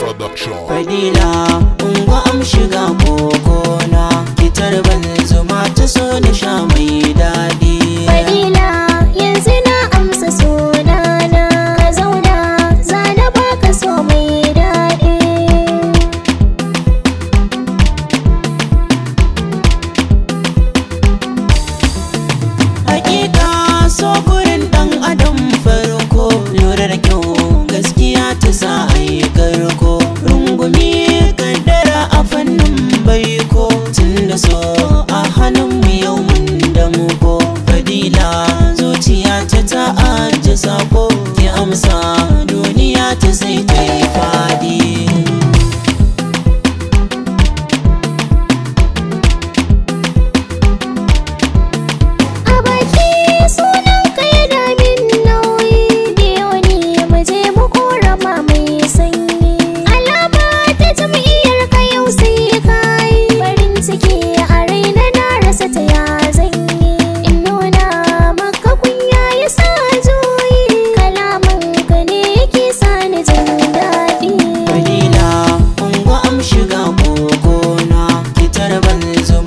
production fadila ungo am shiga kokona kitar ban zuma ta so na sha mai daɗi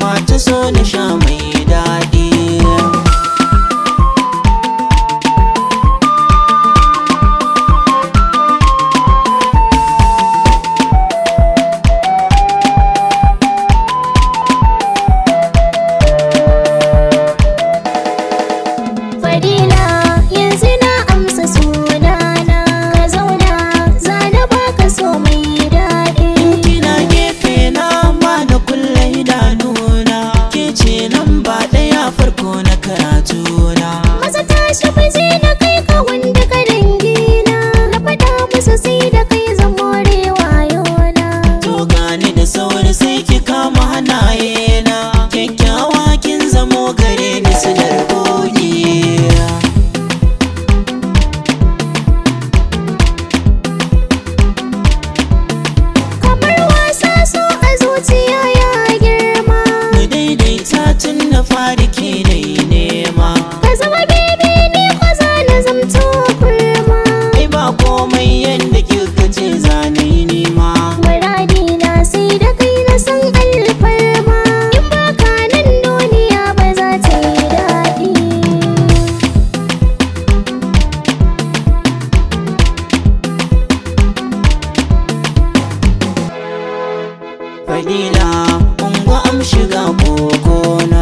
mata so na sha mai daɗi Fadila na fari ke nema ka zama bebe ne ko za na zamto kurma ai ba komai yanda kika ce za na nema muradi na sai da kai na san alfarma in ba ka nan duniya ba za ta yi daɗi Fadila, unguwa am shiga kokona